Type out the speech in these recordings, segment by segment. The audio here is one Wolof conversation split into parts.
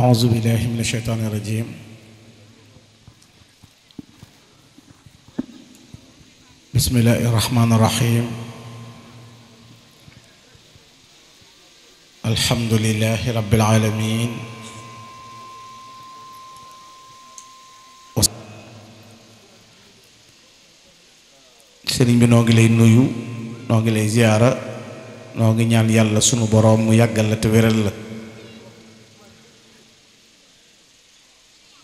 أعوذ بالله من الشيطان الرجيم بسم الله الرحمن الرحيم الحمد لله رب العالمين sëriñ bi noo ngi lay nuyu noo ngi lay ziyaara noo ngi ñaan yàlla sunu boroom mu yàggal la te wéral la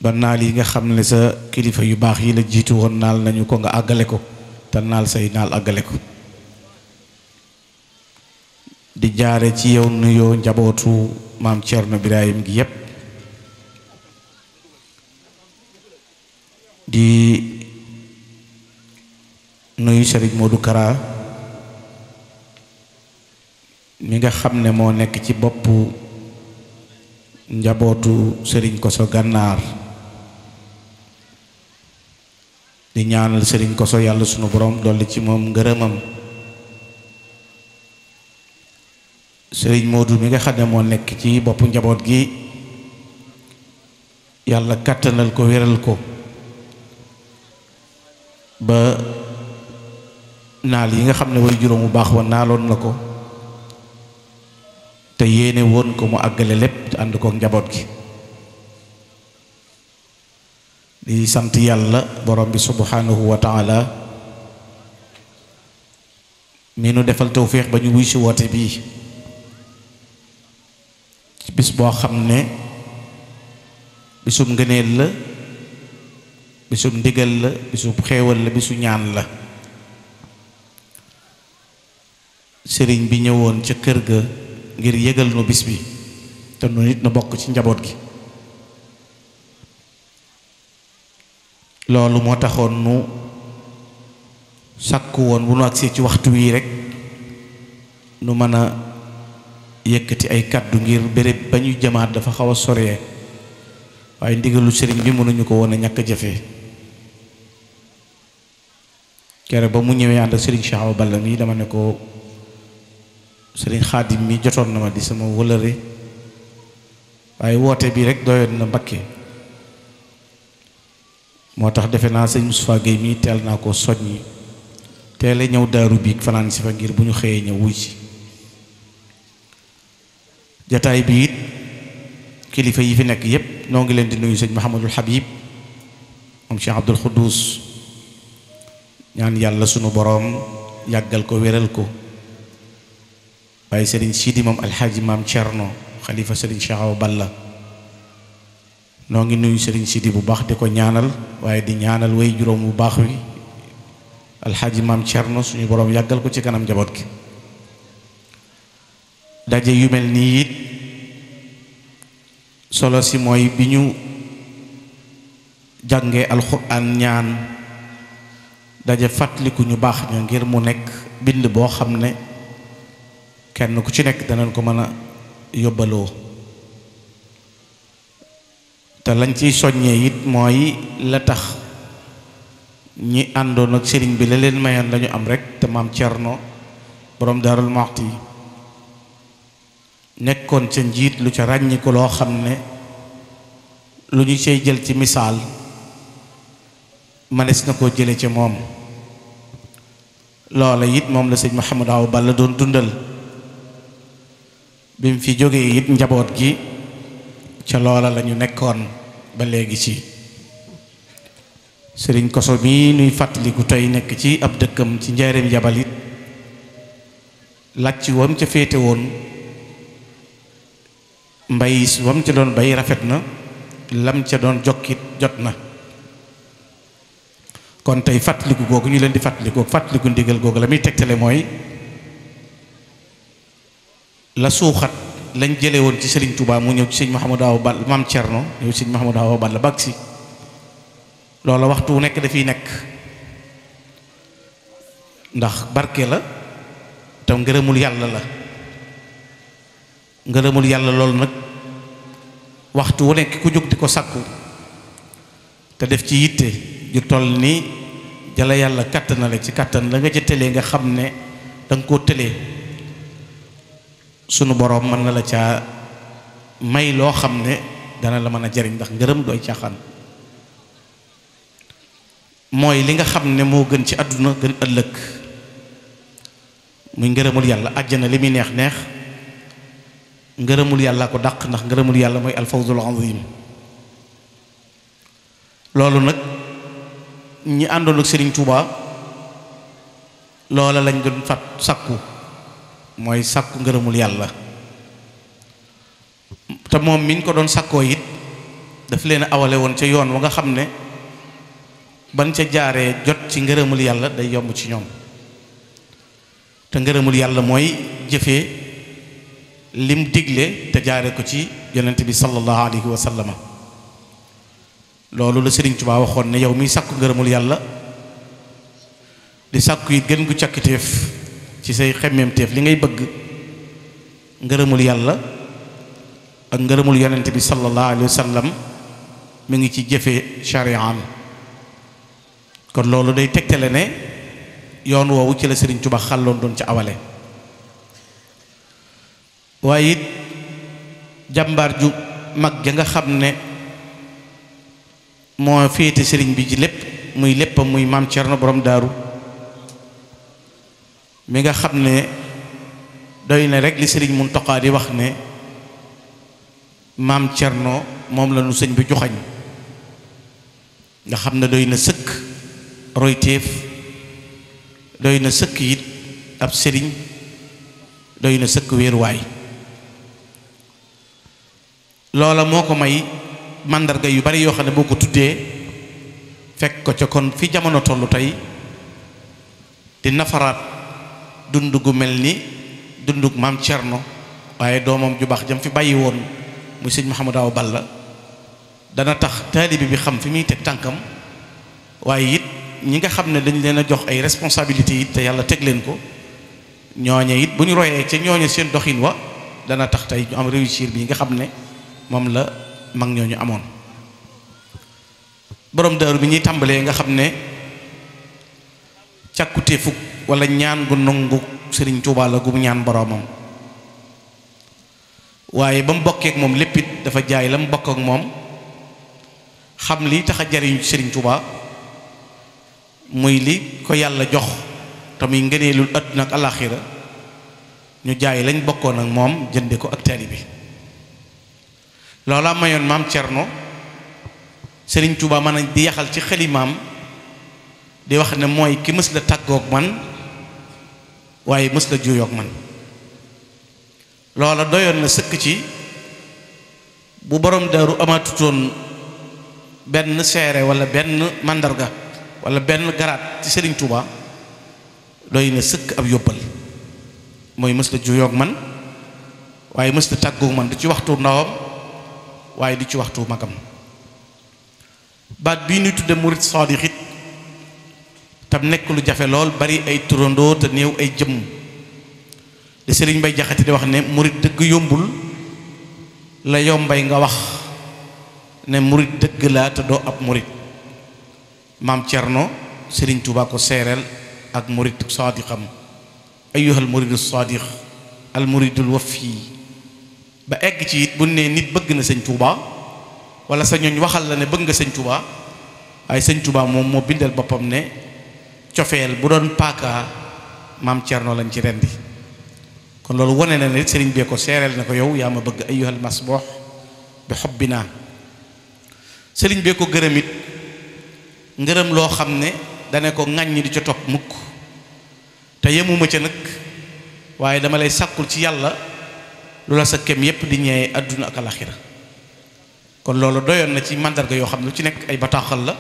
ba naal yi nga xam ne sa kilifa yu baax yi la jiitu woon naal nañu ko nga àggale ko te naal say naal àggale ko di jaare ci yow nuyoo njabootu maam Thierno Birahim gi yépp di nuyu Serigne Modou Kara mi nga xam ne moo nekk ci boppu njabootu sëriñ ko sa Gànnaar di ñaanal sëriñ koso yàlla sunu borom dolli ci moom ngërëmam sëriñ Moodu mi nga xam ne moo nekk ci boppu njaboot gi yàlla kàttanal ko wéral ko ba naal yi nga xam ne way juróom bu baax wa naaloon na ko te yéene woon ko mu àggale lépp te ànd kook njaboot gi di sant yàlla borom bi subhanahu wa taala mi nu defal tawféex ba ñu wuy ci woote bi ci bis boo xam ne bisum ngëneel la bisum ndigal la bisum xéewal la bisu ñaan la sëriñ bi ñëwoon ca kër ga ngir yëgal nu bis bi te nu nit na bokk ci njaboot gi loolu moo taxoon nu sakk woon bu nu agsee ci waxtu wii rek nu mën a yëkkati ay kàddu ngir béréb ba ñu jamaat dafa xaw a soree waaye ndigalu sëriñ bi mënuñu ko woon a ñàkk jëfe kere ba mu ñëwee ànd ak sëriñ Cheikh Awa Balla mi dama ne ko sëriñ Xaadim mi jotoon na ma di sama wëlëre waaye woote bi rek doyoon na Mbakke moo tax defe naa sëñ Moustapha Guèye mii teel naa ko soññi teele ñëw daaru biig fanaan si fa ngir bu ñu xëyee ñëw wuy si jataay bi kilifa yi fi nekk yépp noo ngi leen di nuyu sëñ Mouhamadul Habib moom Cheikh Abdul Xuddus ñaan yàlla sunu boroom yàggal ko wéral ko waaye sëriñ Sidi moom alxaaji maam Cerno xalifa sëriñ Cheikh Awa Balla noo ngi nuyu Serigne Sidi bu baax di ko ñaanal waaye di ñaanal way juróom bu baax wi alxaaji maam Thierno suñu boroom yàggal ko ci kanam njaboot gi daje yu mel nii it solo si mooy bi ñu jàngee alxuraan ñaan daje fàttaliku ñu baax ña ngir mu nekk bind boo xam ne kenn ku ci nekk danañ ko mën a yóbbaloo te lañ ciy soññee it mooy la tax ñi àndoon ak sëriñ bi la leen mayoon lañu am rek te maam Cerno boroom Daarul yi nekkoon ca njiit lu ca ràññiku loo xam ne lu ñu cay jël ci misaal mënees nga koo jële ca moom loola it moom la sëñ Mouhamadou Awa Balla doon dundal bi mu fi jógee it njaboot gi ca loola la ñu nekkoon ba léegi ci sëriñ koso mi nuy fàttaliku tey nekk ci ab dëkkam ci njaareem yabal it làcc wam ca féete woon mbay wam ca doon bay rafet na lam ca doon jokkit jot na kon tey fàttaliku googu ñu leen di fàttaliku fàttaliku ndigal googu la muy tegtale mooy la suuxat lañ jëlee woon ci Serigne Touba mu ñëw ci sëñ Mouhamadou Awa Balla maam Thierno ñëw ci sëñ Mouhamadou Awa Balla bag si loola waxtu wu nekk dafiy nekk ndax barke la te ngërëmul yàlla la ngërëmul yàlla loolu nag waxtu wu nekk ku jóg di ko sakku te def ci yitte ju toll nii jala yàlla na kàttanale ci kàttan la nga ca tëlee nga xam ne da nga koo tëlee sunu boroom mën na la caa may loo xam ne dana la mën a jariñ ndax ngërëm dooy caaxaan mooy li nga xam ne moo gën ci àdduna gën ëllëg muy ngërëmul yàlla àjjana li muy neex neex ngërëmul yàlla ko dàq ndax ngërëmul yàlla mooy alfawzul azim loolu nag ñi àndoon ak Serigne Touba loola lañ doon fat sakku mooy sàkku ngërëmul yàlla te moom miñ ko doon sàkkoo it daf leen awale woon ca yoon wa nga xam ne ban ca jaaree jot ci ngërëmul yàlla day yomb ci ñoom te ngërëmul yàlla mooy jëfe lim digle te jaare ko ci yonent bi sallallahu alayhi wa sallama loolu la Sëriñ Tuubaa waxoon ne yow miy sàkku ngërëmul yàlla di sàkku yi gën gu càkkiteef ci say xemmemteef li ngay bëgg ngërëmul yàlla ak ngërëmul yonente bi sallallahu alayhi wa sallam mi ngi ci jëfe charian kon loolu day tegtale ne yoon woowu ci la Sëriñ Tuubaa xàlloon doon ci awale waaye it jàmbaar ju mag ja nga xam ne moo féete sëriñ bi ci lépp muy léppam muy maam na borom daaru mi nga xam ne doy na rek li sëriñ Muntaxa di wax ne maam Cerno moom lañu sëñ bi joxañ nga xam ne doy na sëkk royteef doy na sëkk it ab sëriñ doy na sëkk wéeruwaay loola moo ko may màndarga yu bari yoo xam ne boo ko tuddee fekk ko ca kon fi jamono tollu tey di nafaraat dund gu mel ni dundu maam Cerno waaye doomam ju baax jëm fi bàyyi woon muy sëñ Mouhamadou Awa la dana tax taalibe bi xam fi muy teg tànkam waaye it ñi nga xam ne dañ leen a jox ay responsabilité it te yàlla teg leen ko ñooñe it bu ñu royee ca ñooñe seen doxin wa dana tax tey ñu am réussir bi nga xam ne moom la mag ñoo ñu amoon borom daaru bi ñuy tàmbalee nga xam ne càkkutee fukk wala ñaan gu nangu sëriñ Tuubaa la gu ñaan boroomam waaye ba mu bokkee moom lépp dafa jaay la mu bokk ak moom xam li tax a jariñu sëriñ Tuubaa muy li ko yàlla jox te muy ngëneelul àdduna ak alaaxira ñu jaay lañ bokkoon ak moom jënde ko ak taali bi loola mayoon maam no sëriñ Tuubaa mën a di yaxal ci xelimaam di wax ne mooy ki mës la tàggoog man waaye mës la juyoog man loola doyoon na sëkk ci bu borom daaru amatutoon benn seere wala benn màndarga wala benn garaat ci Serigne Touba doy na sëkk ab yóbbal mooy mës la juyoog man waaye mës la tàggoog man du ci waxtu ndawam waaye du ci waxtu magam baat bii ñuy tudde murit saadix tam nekk lu jafe lool bari ay turandoo te néew ay jëmm li sëriñ bay jaxati di wax ne murit dëgg yombul la yombay nga wax ne murit dëgg laa te doo ab murit maam Cerno sëriñ Tuubaa ko seereel ak murit saadiqam ayyuhal muridu saadiq al muridul wafi ba egg ci it bu ne nit bëgg na sëñ Touba wala sa ñooñ waxal la ne bëgg nga sëñ Touba waaye sëñ Touba moom moo bindal boppam ne cofeel bu doon paaka maam Cerno lañ ci rendi kon loolu wane na ne sëriñ bee ko seereel na ko yow yaa ma bëgg ayyuhal masboox bi xobbi naa sëriñ bee ko gërëm it ngërëm loo xam ne dane ko ŋàññi di ca topp mukk te yemuma ca nag waaye dama lay sàkkul ci yàlla lu la sa kem yépp di ñewe àdduna ak alaxira kon loolu doyoon na ci màndarga yoo xam ne lu ci nekk ay bataaxal la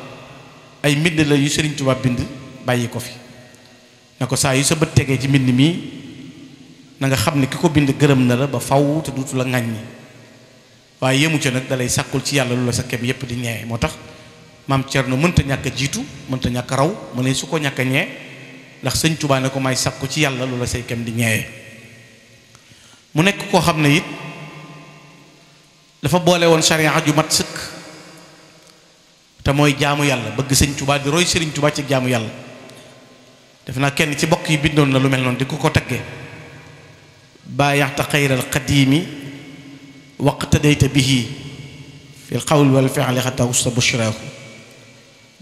ay mbind la yu sëriñ Tuubaa bind bàyyi ko fi ne ko saa yu sa bët tegee ci mbind mi nanga xam ne ki ko bind gërëm na la ba faw te duutu la ŋàññi waaye yemu ca nag dalay sàkkul ci yàlla lu la sa kem yépp di ñeewe moo tax maam Cerno mënta ñàkk a jiitu mënta ñàkk raw mu ne su ko ñàkk ñee ndax sëñ Tuubaa ne ko may sàkku ci yàlla lu la say kem di ñeewe mu nekk koo xam ne it dafa boole woon sariya ju mat sëkk te mooy jaamu yàlla bëgg sëñ Tuubaa di roy sëriñ Tuubaa ci jaamu yàlla def naa kenn ci bokk yi bindoon na lu mel noonu di ko ko tagge baayaxta xayral qadiimi waqtadayta bihi fil qawl wal fi'li xataa usta bushraahu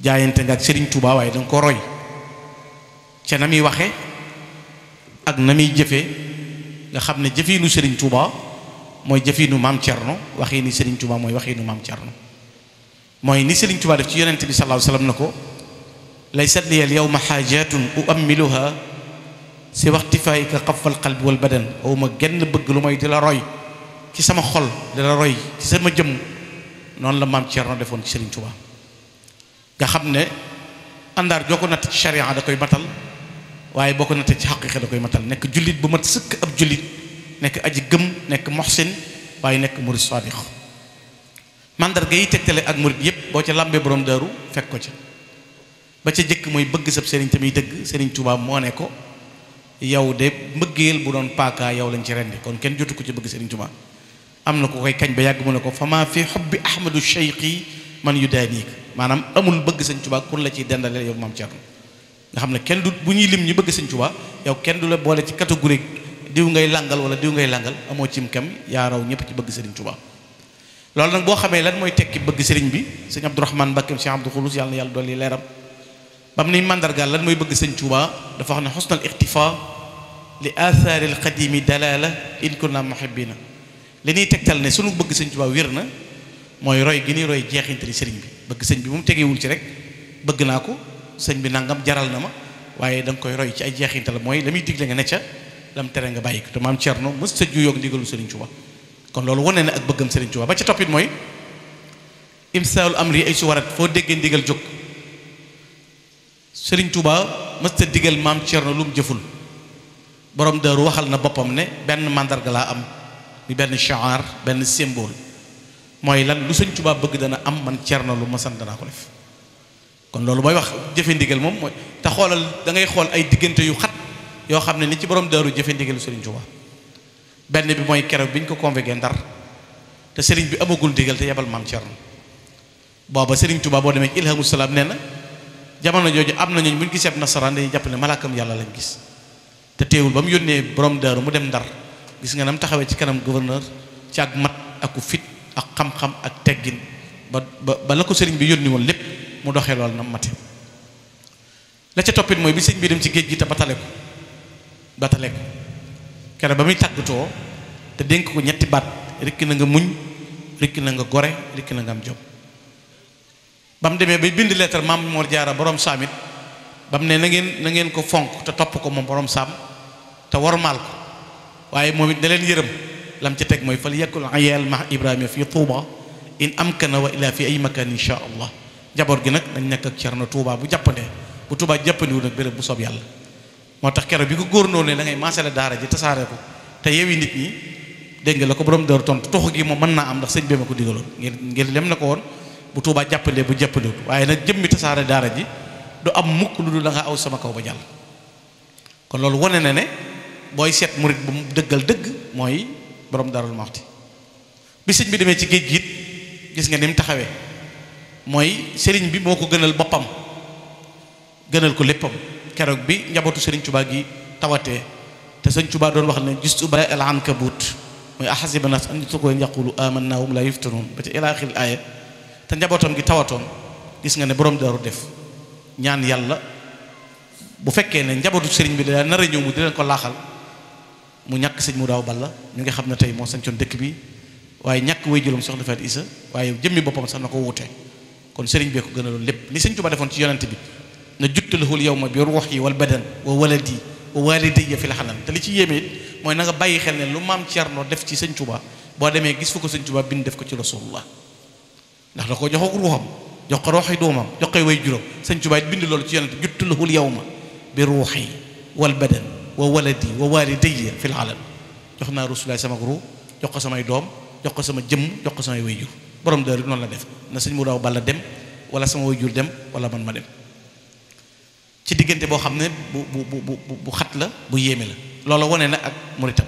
jaayante nga ak Sëriñ Tuubaa waaye danga ko roy ca na muy waxe ak na muy jëfe nga xam ne jëfiinu Sëriñ Tuubaa mooy jëfiinu maam Cerno waxiinu Sëriñ Tuubaa mooy waxiinu maam Cerno mooy ni Sëriñ Tuubaa def ci yonent bi sallallaahu alayhi na ko lay laysat li al yawma xaajatun uammiluha si waxtifaayika xafal qalbi wal badan aw ma genn bëgg lu may di la roy ci sama xol di la roy ci sama jëm noonu la maam Cerno defoon ci Sëriñ xam ne àndaar joo ko charia da koy matal waaye boo ko nattee ci xaqiiqa da koy matal nekk jullit bu ma sëkk ab jullit nekk aji gëm nekk moxsin waaye nekk murid saadiq mandarga yi tegtale ak murid yépp boo ca làmbee borom daaru fekk ko ca ba ca jëkk mooy bëgg sab sëriñ tamit dëgg sëriñ Touba moo ne ko yow de mbëggeel bu doon paaka yow lañ ci rendi kon kenn jotu ko ci bëgg sëriñ Touba am na ko koy kañ ba yàgg mu ne ko fama fi xobbi ahmadu cheikhi man yu daaniik maanaam amul bëgg sëñ Touba kun la ciy dendale yow maam Thierno nga xam ne kenn du bu ñuy lim ñu bëgg sëñ Touba yow kenn du la boole ci catégorie diw ngay langal wala diw ngay langal amoo cim kam yaa raw ñëpp ci bëgg sëriñ Touba loolu nag boo xamee lan mooy tekki bëgg sëriñ bi sëñ Abdourahmane Mbakke Cheikh yàlla na yàlla dolli ba mu ni màndargaal lan mooy bëgg sëñ Tuuba dafa wax ne xusnal ixtifa li athaari alqadimi dalala in kunna muhibbina li ñuy tegtal ne sunu bëgg sëñ Tuuba wér na mooy roy gi ni roy jeexintali sëriñ bi bëgg sëñ bi mu tegewul ci rek bëgg naa ko sëñ bi nangam jaral na ma waaye da koy roy ci ay jeexintal la muy digle nga ne ca lam tere nga bàyyi ko te maam Cerno mës sa ju yoog ndigalu sëriñ Tuuba kon loolu wane na ak bëggam sëriñ Tuuba ba ca toppit mooy imsaalu amri ay su warat foo déggee ndigal jóg sëriñ Touba mës ta digal maam Cerno lu mu jëful borom daaru waxal na boppam ne benn màndarga laa am bi benn shaar benn symbole mooy lan lu sëñ Touba bëgg dana am man Cerno lu ma sant danaa ko def kon loolu mooy wax jëfe ndigal moom mooy te xoolal dangay xool ay diggante yu xat yoo xam ne ni ci borom daaru jëfe ndigalu sëriñ Touba benn bi mooy keroog bi ñu ko convoqué Ndar te sëriñ bi amagul digal te yebal maam Cerno booba sëriñ Touba boo demee ci ilhamu nee na jamono jooju am na ñooñu bu ñu gisee ab nasaraan dañuy jàpp ne malaakam yàlla lañ gis te teewul ba mu yónnee borom daaru mu dem ndar gis nga nam taxawee ci kanam gouverneur ci ak mat aku fit ak xam-xam ak teggin ba ba la ko sëriñ bi yónni woon lépp mu doxee loolu nam mate la ca toppit mooy bi sëñ bi dem ci géej gi te batale ko batale ko kere ba muy tàggatoo te dénk ko ñetti baat rikk na nga muñ rikk na nga gore rikk na nga am jom ba mu demee bay bind lettre maam moo Jaara borom saamit it ba mu ne na ngeen na ngeen ko fonk te topp ko moom borom saam te wormaal ko waaye moom it da leen yërëm lam ci teg mooy fal yakul ayal ma Ibrahima fi Touba in amkana wa ila fi ay makan insha allah jaboot gi nag dañ nekk ak na tuubaa bu jàppandee bu Touba jàppandiwul nag béréb bu soob yàlla moo tax kere bi ko góor góornoo ne da ngay maasale daara ji tasaare ko te yewi nit ñi dégg la ko borom dër tontu gi moom mën naa am ndax sëñ bi ma ko digaloon na ko woon bu tuubaa jàppandee bu jàppandiwut waaye nag jëmmi tasaare daara ji du am mukk lu dul da aw sama kaw ba jàll kon loolu wone na ne booy seet murit bu mu dëggal dëgg mooy borom darul maxti bi sëñ bi demee ci géej gi gis nga ni mu taxawee mooy sëriñ bi moo ko gënal boppam gënal ko léppam keroog bi njabootu sëriñ Tuubaa gi tawatee te sëñ Tuubaa doon wax ne gistu ba al ankabut mooy ahasiba nas an yutrakuu an yaqulu amanna hum la yuftanun ba ci ilaaxil aaya te njabootam gi tawatoon gis nga ne borom daaru def ñaan yàlla bu fekkee ne njabootu sëriñ bi daa nar a ñëw mu di leen ko laaxal mu ñàkk sëñ mu daaw balla ñu nga xam ne tey moo sañcoon dëkk bi waaye ñàkk way jëlum soxna Faat Isa waaye jëmmi boppam sax na ko wuute kon sëriñ bee ko gën lépp li sëñ Tuubaa defoon ci yonent bi na juttalahul yow ma bi ruux yi wal badan wa waladi wa walidayya fi la xanan te li ci yéeme it mooy na bàyyi xel ne lu maam Cerno def ci sëñ boo demee gis ko sëñ Tuubaa bind def ko ci rasulullah ndax da ko joxoog ruuxam jox ko ruuxi doomam jox koy way juróom sëñ Tuubaa it bind loolu ci yonent juttulahul yawma bi ruuxi wal badan wa waladi wa walidayya fil alam jox naa rasulaay sama ruux jox ko samay doom jox ko sama jëmm jox ko samay way jur borom dër noonu la def na sëñ mu daaw balla dem wala sama way jur dem wala man ma dem ci diggante boo xam ne bu bu bu bu xat la bu yéeme la loola wane na ak muritam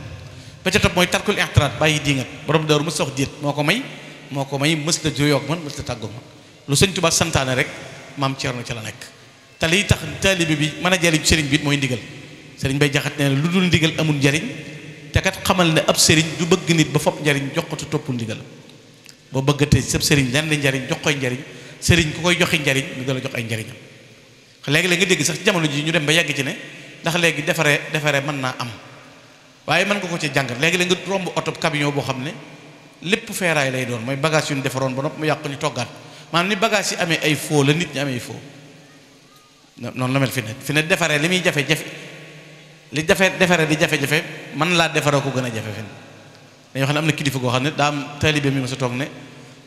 ba ca mooy tarkul i'tiraad bàyyi diingat borom dër mu sox diit moo ko may moo ko may mës la joyoog man ma sa tàggoo man lu sëñ Tuubaa santaane rek maam Cerno ca la nekk te lii tax taalibe bi mën a jariñ sëriñ bi mooy ndigal sëriñ bay jaxat nee lu dul ndigal amul njariñ te kat xamal ne ab sëriñ du bëgg nit ba fopp njariñ jox ko te toppul boo bëggatee sab sëriñ lan la njariñ jox koy njariñ sëriñ ku koy joxe njariñ mu dala jox ay njariñam léegi-léeg nga dégg sax jamono ji ñu dem ba yàgg ci ne ndax léegi defaree defaree mën naa am waaye mën nga ko ci jàng léegi-léeg nga romb oto camion boo xam ne lépp feeraay lay doon mooy bagage yu ñu defaroon ba nopp mu yàqu ñu toggaat maanaam ni bagage yi amee ay foo la nit ñi amee foo noonu la mel fi ne fi ne defaree li muy jafe-jafe li jafe defaree di jafe man laa defaree ko gën a jafe fen dañoo xam am na kilifa koo xam ne daa am taalibe mi ma sa toog ne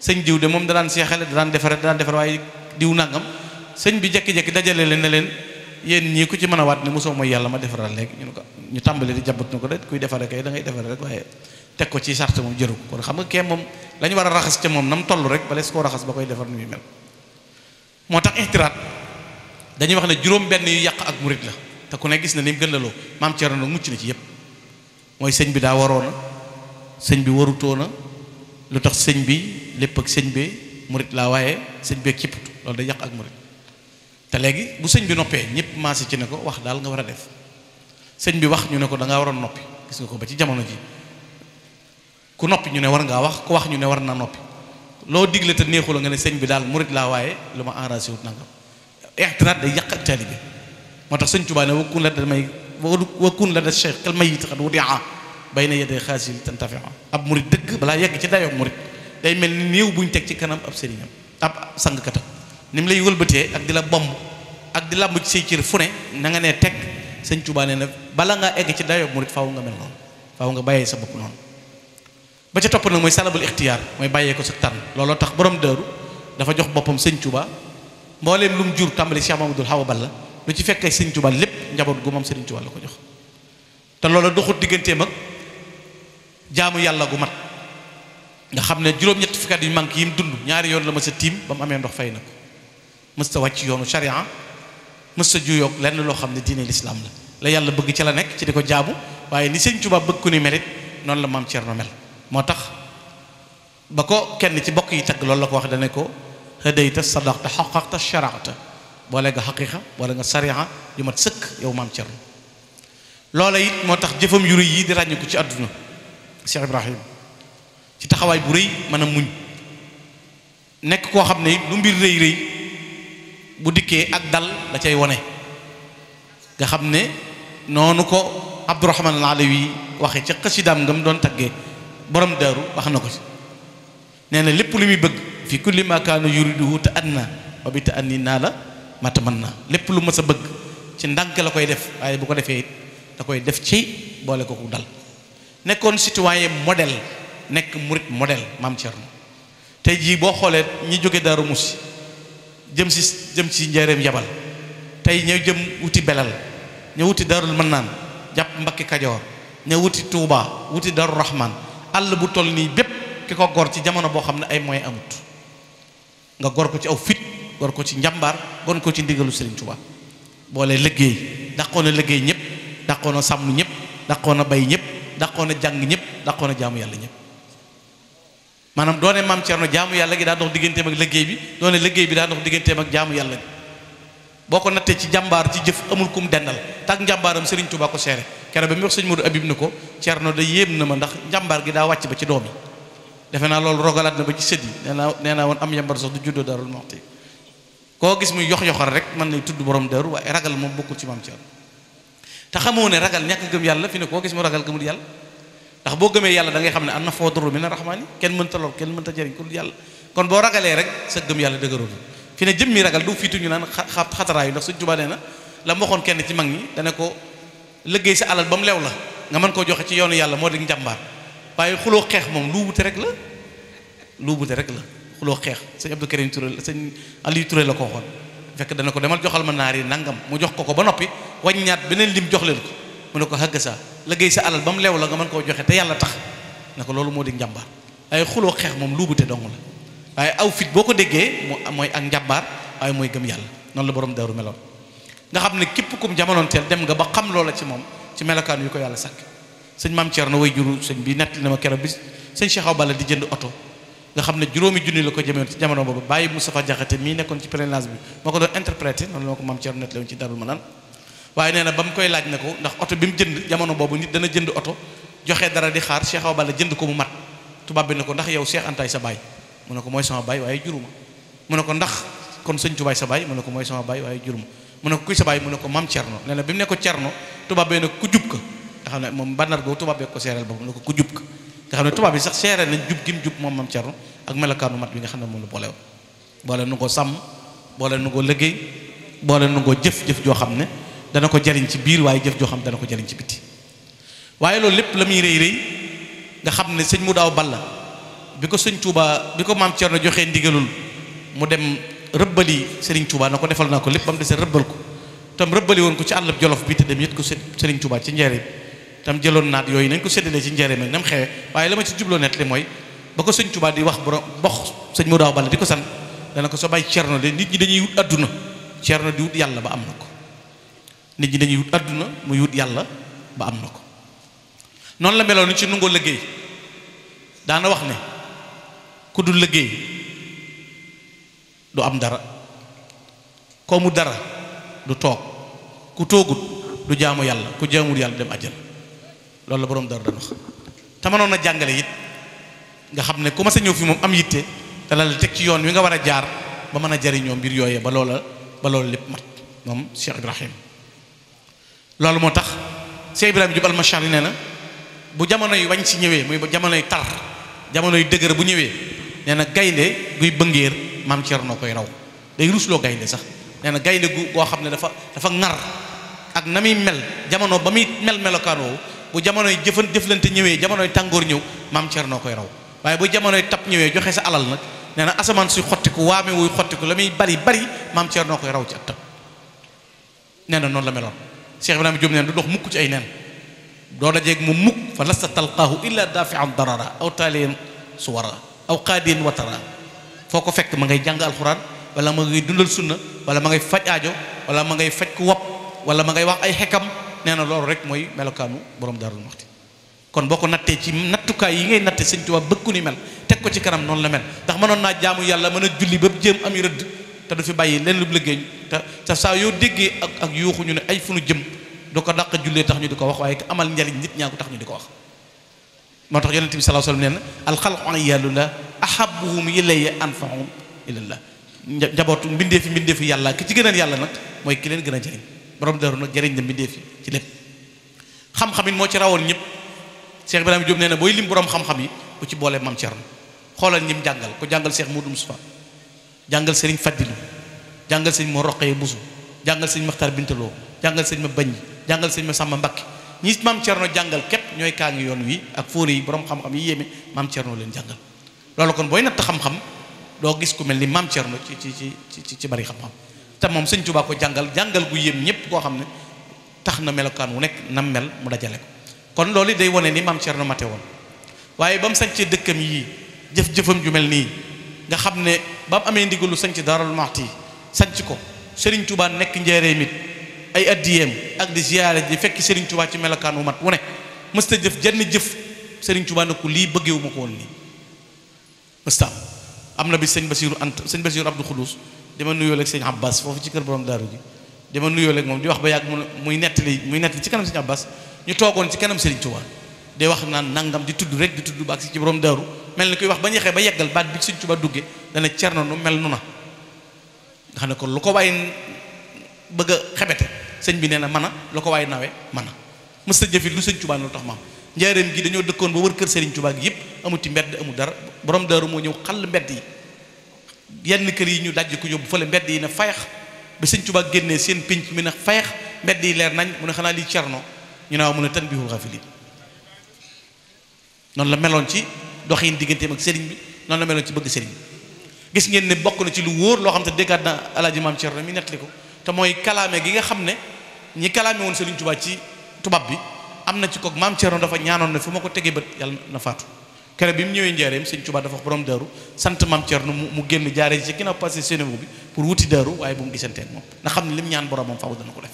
sëñ diw de moom danaan seexale danaan defare danaan defare waaye diw nangam sëñ bi jekki-jekki dajale leen ne leen yéen ñii ku ci man a waat ne mosoo mooy yàlla ma defaral léegi ñu ne ko ñu tàmbali di jabat na ko de kuy defare kay da ngay defare rek teg ko ci charte moom jëru kon xam nga kee moom la war a raxas ca moom na mu toll rek bale su koo raxas ba koy defar nu mel moo tax ixtiraat dañuy wax ne juróom benn yu yàq ak murit la te ku ne gis na lim mu gën la loo maam mucc na ci yëpp mooy sëñ bi daa na sëñ bi warutoona lu tax sëñ bi lépp ak sëñ bi murit laa waaye sëñ bi ak cëpp loolu day yàq ak murit te léegi bu sëñ bi noppee ñëpp maase ci ne ko wax daal nga war a def sëñ bi wax ñu ne ko da ngaa waroon noppi gis ko ba ci jamono ji ku noppi ñu ne war ngaa wax ku wax ñu ne war na noppi loo digle te neexu la nga ne sëñ bi daal murit laa waaye lu ma enragé wut nangam ixtiraat day yàq ak taalibe moo tax sëñ Tuubaa ne wakkun la da may wakkun la da cheikh kal mayit xat wudia bay na yedee xaasil tantafia ab murit dëgg balaa yegg ci dayoo murit day mel ni néew buñ teg ci kanam ab sëriñam ab sangkatam ni mu lay wëlbatee ak di la bomb ak di làmb ci say cër fu ne na nga nee teg sëñ Tuubaa ne ne ngaa egg ci dayoo murit faw nga mel noonu faw nga bàyyee sa bopp noonu ba ca topp nag mooy salabul ixtiyaar mooy bàyyee ko sa tànn looloo tax borom dëru dafa jox boppam sëñ Tuba mbooleem lu mu jur tàmbali Cheikh Mamadou Hawa Balla lu ci fekkee sëñ Tuba lépp njaboot gu moom sëriñ Tuba la ko jox te loolu doxut digganteem ak jaamu yàlla gu mat nga xam ne juróom ñetti fukki yu manqué yi mu dund ñaari yoon la ma tiim ba mu amee ndox fay na ko mës ta wàcc yoonu charia mës ta juyoog lenn loo xam ne diine lislaam la la yàlla bëgg ci la nekk ci di ko jaamu waaye ni sëñ Tuba bëgg ku ni melit noonu la maam Cerno mel moo tax ba ko kenn ci bokk yi tagg loolu la ko wax dane ko hadayta sadaqta xaqaqta sharaqta boole nga xaqiqa boole nga sariha yu mat sëkk yow maam Cerno loola it moo tax jëfam yu rëy yi di ràññiku ci àdduna Cheikh Ibrahim ci taxawaay bu rëy mën a muñ nekk koo xam ne lu mbir rëy rëy bu dikkee ak dal da cay wone nga xam ne noonu ko Abdourahman al Alawi waxe ca nga mu doon taggee borom daaru wax na ko si nee na lépp lu muy bëgg fi kulli ma kaana yuriduhu te anna wa bi te anni naa la mat mën tamanna lépp lu ma sa bëgg ci ndànk la koy def waaye bu ko defee it da koy def ci boole ko ku dal nekkoon citoyen modèle nekk murit modèle maam Thierno tey jii boo xoolee ñi jóge Daaru Musi jëm si jëm si njareem yabal tey ñëw jëm wuti belal ñëw wuti Daarul naan jàpp Mbakki Kajoor ñëw wuti Touba wuti daru Rahman àll bu toll nii bépp ki ko gor ci jamono boo xam ne ay moyens amut nga gor ko ci aw fit gor ko ci njàmbaar gor ko ci ndigalu Serigne Touba boole liggéey daqoon na liggéey ñëpp dàqoon na sàmm ñëpp dàqoon na bay ñëpp dàqoon jàng ñëpp dàqoon na jaamu yàlla ñëpp maanaam doone maam Thierno jaamu yàlla gi daa dox digganteem ak liggéey bi doone liggéey bi daa dox digganteem ak jaamu yàlla gi boo ko nattee ci jàmbaar ci jëf amul kum dendal tak njàmbaaram Serigne Touba ko seere kere ba mu wax sëñ Modou Habib ni ko Thierno da yéem na ma ndax njàmbaar gi daa wàcc ba ci doom yi defe naa loolu rogalaat na ba ci sët yi nee naa woon am yambar sax du juddoo darul moxti koo gis muy yox-yoxal rek mën nay tudd borom daru waaye ragal moom bokkul ci maam Thierno te xamoo ne ragal ñàkk gëm yàlla fi ne koo gis mu ragal gëmul yàlla ndax boo gëmee yàlla da xam ne am na foo duru mi na raxmaani kenn mënta lor kenn mënta jëriñ ku dul yàlla kon boo ragalee rek sa gëm yàlla dëgëroo fi ne jëmmi ragal du fiitu ñu naan xa xataraayu ndax suñ Tuubaa nee na la mu waxoon kenn ci mag ñi dana ko liggéey sa alal ba mu lew la nga mën koo joxe ci yoonu yàlla moo di njàmbaar waaye xuloo xeex moom lu wute rek la lu wute rek la xuloo xeex sëñ Abdou Karim sëñ Aliou la ko waxoon fekk dana ko demal joxal ma naar yi nangam mu jox ko ko ba noppi waññaat beneen lim jox leen mu ne ko xëgg sa liggéey sa alal ba mu lew la nga mën koo joxe te yàlla tax na ko loolu moo di njàmbaar waaye xuloo xeex moom lu wute dong la waaye aw fit boo ko déggee mu mooy ak njàmbaar waaye mooy gëm yàlla noonu la borom daaru meloon nga xam ne képp kum jamono teel dem nga ba xam loola ci moom ci melokaan yu ko yàlla sàkk sëñ maam na way juru sëñ bi nettali na ma keroog bis sëñ Cheikh Awa di jënd oto nga xam ne juróomi junni la ko jëmewoon ci jamono boobu bàyyi Moustapha Diakhaté mii nekkoon ci pèlerinage bi moo ko doon interprété noonu la ko maam Thierno nettali woon ci Darou Manane waaye nee na ba mu koy laaj ne ko ndax oto bi mu jënd jamono boobu nit dana jënd oto joxe dara di xaar Cheikh ba la jënd ko mu mat tubaab bi ne ko ndax yow Cheikh Antaay sa baay mu ne ko mooy sama baay waaye juruma mu ne ko ndax kon sëñ tubaay sa baay mu ne ko mooy sama baay waaye juruma mu ne ko kuy sa baay mu ne ko maam cerno nee bi mu ne ko cerno tubaab bee ne ku jub ka nga xam ne moom bànnar googu tubaab bee ko seereel boobu ne ko ku jub ka nga xam ne tubaab bi sax seereel nañ jub gim jub moom mat bi nga xam ne moom la boole woon boole nu ko sàmm boole nu ko liggéey boole nu ko jëf-jëf joo xam ne dana ko jariñ ci biir waaye jëf joo xam ne dana ko jariñ ci biti waaye loolu lépp la muy rëy rëy nga xam ne sëñ mu daaw la bi ko sëñ tuubaa bi ko maam Thierno joxee ndigalul mu dem rëbbali Serigne Touba na ko defal naa ko lépp ba mu desee rëbbal ko tam rëbbali woon ko ci àllub jolof bi te dem yët ko Serigne Touba ci njeereem tam jëloon naat yooyu nañ ko séddalee ci njeereem ak nam xewe waaye la ma ci jubloo net li mooy ba ko sëñ Touba di wax borom box sëñ Modou Awa Balla di ko san dana ko soo bàyyi Thierno de nit ñi dañuy wut àdduna Thierno di wut yàlla ba am na ko nit ñi àdduna muy wut yàlla ba am na ko noonu la meloon ci nungoo liggéey daana wax ne ku dul liggéey du am dara ko mu dara du toog ku toogut du jaamu yàlla ku jaamul yàlla dem àjjana loolu la boroom dara dana wax te mënoon na jàngale it nga xam ne ku ma sa ñëw fi moom am yitte dana la teg ci yoon wi nga war a jaar ba mën a jariñoo mbir yooyee ba loola ba loola lépp mat moom Cheikh Ibrahim loolu moo tax Cheikh Ibrahim ma Almachari nee na bu jamono yu wañ si ñëwee muy jamono yu tar jamono yu dëgër bu ñëwee nee na gaynde guy bëngéer maam noo koy raw day rusloo gaynde sax nee na gaynde gu goo xam ne dafa dafa ŋar ak na muy mel jamono ba muy mel melokaan woowu bu jamonoy jëfan jëflante ñëwee jamonoy tàngoor ñëw maam Cerno koy raw waaye bu jamonoy tap ñëwee joxe sa alal nag nee na asamaan suy xottiku waame wuy xottiku la muy bari bari maam noo koy raw ci ak tap nee na noonu la meloon Cheikh Ibrahima Diop neen du dox mukk ci ay nen doo dajeeg mu mukk fa lasta talqaahu illa dafian darara aw taaliyan suwara aw qaadiyan wa tara foo ko fekk ma ngay jàng alxuraan wala ma ngay dundal sunna wala ma ngay faj aajo wala ma ngay faj ku wopp wala ma ngay wax ay xekkam nee na loolu rek mooy melokaanu borom daarul maxti kon boo ko nattee ci nattukaay yi ngay natte sëñ Tuubaa bëkku ni mel teg ko ci kanam noonu la mel ndax mënoon naa jaamu yàlla mën a julli ba jéem ami rëdd te du fi bàyyi lenn lu liggéey te te saa yoo déggee ak ak yuuxu ñu ne ay fu nu jëm du ko daq jullee tax ñu di ko wax waaye amal njariñ nit ñaa ko tax ñu di ko wax moo tax yonent bi sallallahu alayhi wasallam nee na alxalqu iyalu la ahabuhum ilayya anfahum ilallah njabootu mbindeefi mbindeefi yàlla ki ci gënal yàlla nag mooy ki leen gën a jëriñ borom daru nag jëriñ na mbindeefi ci lépp xam-xam it moo ci rawoon ñëpp Cheikh Ibrahima Diop nee na booy lim boroom xam-xam yi bu ci boolee Mam Thierno xoolal ñim jàngal ko jàngal Cheikh Moudou Moustapha jàngal Serigne Fadilou jàngal sëñ moo roqee busu jàngal sëñ Makhtar Bintaloo jàngal sëñ ma bañ jàngal sëñ ma Samba Mbacke ñi maam Thierno jàngal képp ñooy kaa ngi yoon wi ak fóore yi borom xam-xam yi yéeme maam Thierno leen jàngal loolu kon booy natt xam-xam doo gis ku mel ni maam Thierno ci ci ci ci bari xam-xam te moom sëñ Tuubaa ko jàngal jàngal gu yéem ñëpp koo xam ne tax na melokaan wu nekk nam mel mu dajale kon loolu day wane ni maam Thierno mate waaye ba mu sañcee dëkkam yii jëf-jëfam ju mel nii nga xam ne ba mu amee ndigalu sañc Daarul Muxti sañc ko Sëriñ Tuubaa nekk njeeree mit ay addiyeem ak di ziyaare di fekk Serigne Touba ci melokaan wu mat wu ne mësta jëf jenn jëf Serigne Touba ne ko lii bëggewu ma ko woon nii mësta am am na bi sëñ Basiru ant sëñ Basiru Abdou Khoudous dama nuyoo leeg sëñ Abbas foofu ci kër borom daaru gi dama nuyoo leeg moom di wax ba yàgg mu muy nettali muy nettali ci kanam sëñ Abbas ñu toogoon ci kanam Serigne Touba day wax naan nangam di tudd rek di tudd ba ak si ci borom daaru mel ni koy wax ba ñexee ba yeggal baat bi Serigne Touba duggee dana cerno nu mel nu na bëgg a xebete sëñ bi nee na mën a la ko waaye nawe mën a mës a jëfit lu sëñ Tuubaa loolu tax maam njaareem gi dañoo dëkkoon ba wër kër Serigne Touba gi yëpp amu ci mbedd amu dara boroom daaru moo ñëw xàll mbedd yi yenn kër yi ñu dajj ko yóbbu fële mbedd yi ne fayax ba sëñ Touba génnee seen pénc mi ne fayax mbedd yi leer nañ mu ne xanaa lii cerno ñu ne waaw mu ne tan bihul xafilin noonu la meloon ci doxin digganteem ak Serigne bi noonu la meloon ci bëgg Serigne gis ngeen ne bokk na ci lu wóor loo xam te déggaat na alaaji maam mi nettali ko te mooy kalaame gi nga xam ne ñi kalaame woon Serigne Touba ci tubaab bi am na ci koog maam Thierno dafa ñaanoon ne fu ma ko tegee bët yàlla na faatu kere bi mu ñëwee njaareem Serigne Touba dafa wax borom daaru sant maam Thierno mu génn jaaree ci ginnaaw passé Sénégal bi pour wuti daaru waaye bu mu gisantee moom na xam ne lim ñaan boromam faaw dana ko def.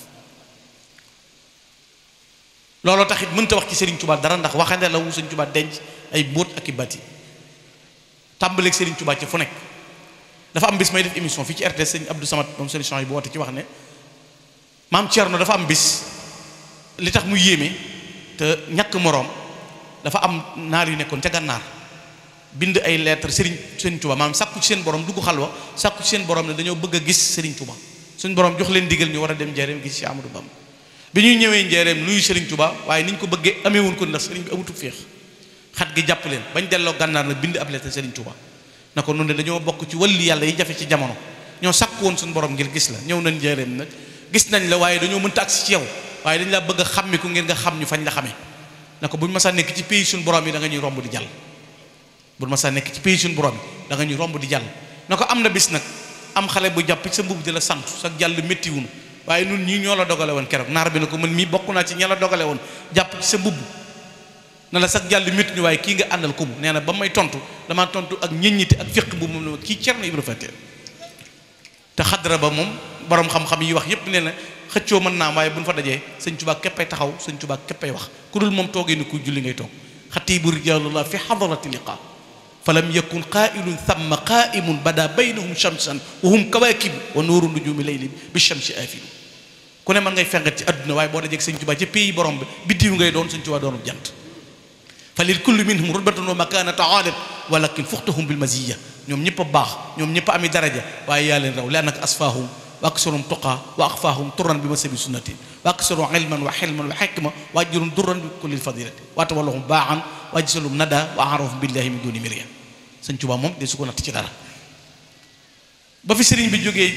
looloo tax it mënta wax ci Serigne Touba dara ndax waxande la wu Serigne Touba denc ay mbóot ak i bati tàmbaleeg Serigne Touba ci fu nekk. dafa am bis may def émission fi ci RTS sëñ Abdou Samad moom sëñ Chang yi bu woote ci wax ne maam Thierno dafa am bis li tax muy yéeme te ñàkk moroom dafa am naar yu nekkoon ca gànnaar bind ay lettre Serigne Serigne Touba maam sàkku ci seen borom dugg xalwa sàkku ci seen borom ne dañoo bëgg a gis Serigne tuba suñ borom jox leen digal ñu war a dem Njaareem gis ci Amadou Bamba bi ñuy ñëwee Njaareem luy Serigne Touba waaye niñ ko bëggee amee ko ndax Serigne bi amutu féex xat gi jàpp leen bañ delloo gànnaar nag bind ab lettre seen Touba. na ko nun de dañoo bokk ci wàlli yàlla yi jafe ci jamono ñoo sàkk woon suñ borom ngir gis la ñëw nañ njëreem nag gis nañ la waaye dañoo mën agsi ci yow waaye dañ laa bëgg a xàmmi ku ngir nga xam ñu fañ la xamee na ko buñ masaa nekk ci pays suñu borom yi danga ñuy romb di jàll buñ masaa nekk ci pays suñu borom yi da nga ñuy di jàll na ko am na bis nag am xale bu jàpp sa mbubb di la sant sa jàll métti wunu waaye nun ñii ñoo la dogale woon keroog naar bi na ko mën mii bokk naa ci ña la dogale woon jàpp sa mbubb na la sax jàll métti ñu waaye kii nga àndal ko mu nee na ba may tontu damaa tontu ak ñëññite ak fiq bu moom kii Cerno Ibra Faty te xadra ba moom borom xam-xam yi wax yépp nee na xëccoo mën naa waaye bu ñu fa dajee sëñ Tuubaa képpay taxaw sëñ Tuubaa képpay wax ku moom toogee ni ku julli ngay toog xatiibu rijaalullah fi xadarati liqa fa lam yakun qaailun thamma qaaimun bada baynahum shamsan wa hum kawaakibu wa nuuru nujuumi layli bi shamsi aafilu ku ne mën ngay fengat ci àdduna waaye boo dajee ak sëñ Tuubaa ci pays borom bi biddiw ngay doon sëñ Tuubaa doonub jant fa lil kulli minhum rutbatun wa makaanatu aalim walakin fuxtahum bil maziya ñoom ñëpp a baax ñoom ñëpp ami daraja waaye yaa leen raw li annaka asfaahum wa aksarum tuqaa wa axfaahum turan bi masabi sunnatin wa aksarum ilman wa xilman wa xikma wa ajrum duran bi kulli fadilati wa tawallahum baaxan wa ajsalum nada wa arafum billahi min duni mirya sëñ Tuubaa moom de su ko ci dara ba fi sëriñ bi jógee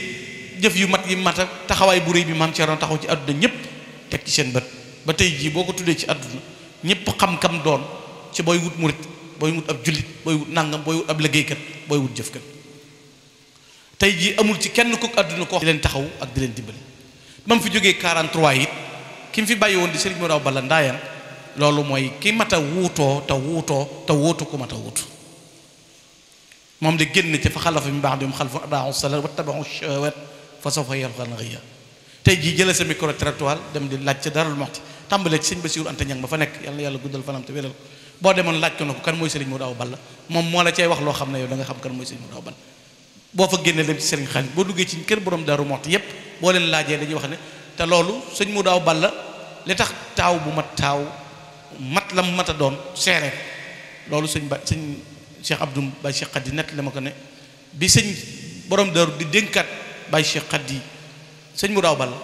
jëf yu mat yi mat ak taxawaay bu rëy bi maam Cerno taxaw ci àdduna ñëpp teg ci seen bat ba tey jii boo ko tuddee ci àdduna ñëpp xam kam doon ci booy wut murit booy wut ab jullit booy wut nangam booy wut ab liggéeykat booy wut jëfkat tey jii amul ci kenn ku àdduna ko di leen taxaw ak di leen dimbali ba fi jógee 43 it ki mu fi bàyyi woon di Serigne Modaw Balla Ndaayaan loolu mooy ki mat a wuutoo te wuutoo te wuutu ku mat a wuutu moom de génn ci fa xalafa min ba'dihim xalfun adaa'u salaata wattaba'u shahawaat fa sawfa yalqawna ghayya jii jëlee sa micro dem di laaj dara Darou Mouhty tàmbalee ci sëñ Bassirou Anta Niang ba fa nekk yàlla yàlla guddal fanam te wéral boo demoon laaj ko na ko kan mooy Serigne Modou Awa Balla moom moo la cay wax loo xam ne yow da nga xam kan mooy Serigne Modou Awa Balla boo fa génne dem ci Serigne duggee ci kër borom Daaru Muxti yépp boo leen laajee dañuy wax ne te loolu sëñ Modou Awa Balla li tax taaw bu mat taaw mat la mu mat a doon seeree loolu sëñ ba sëñ Cheikh Abdou Baye Cheikh la ma ko ne bi sëñ borom Daaru di dénkaat Baye Cheikh Khady sëñ Modou Awa Balla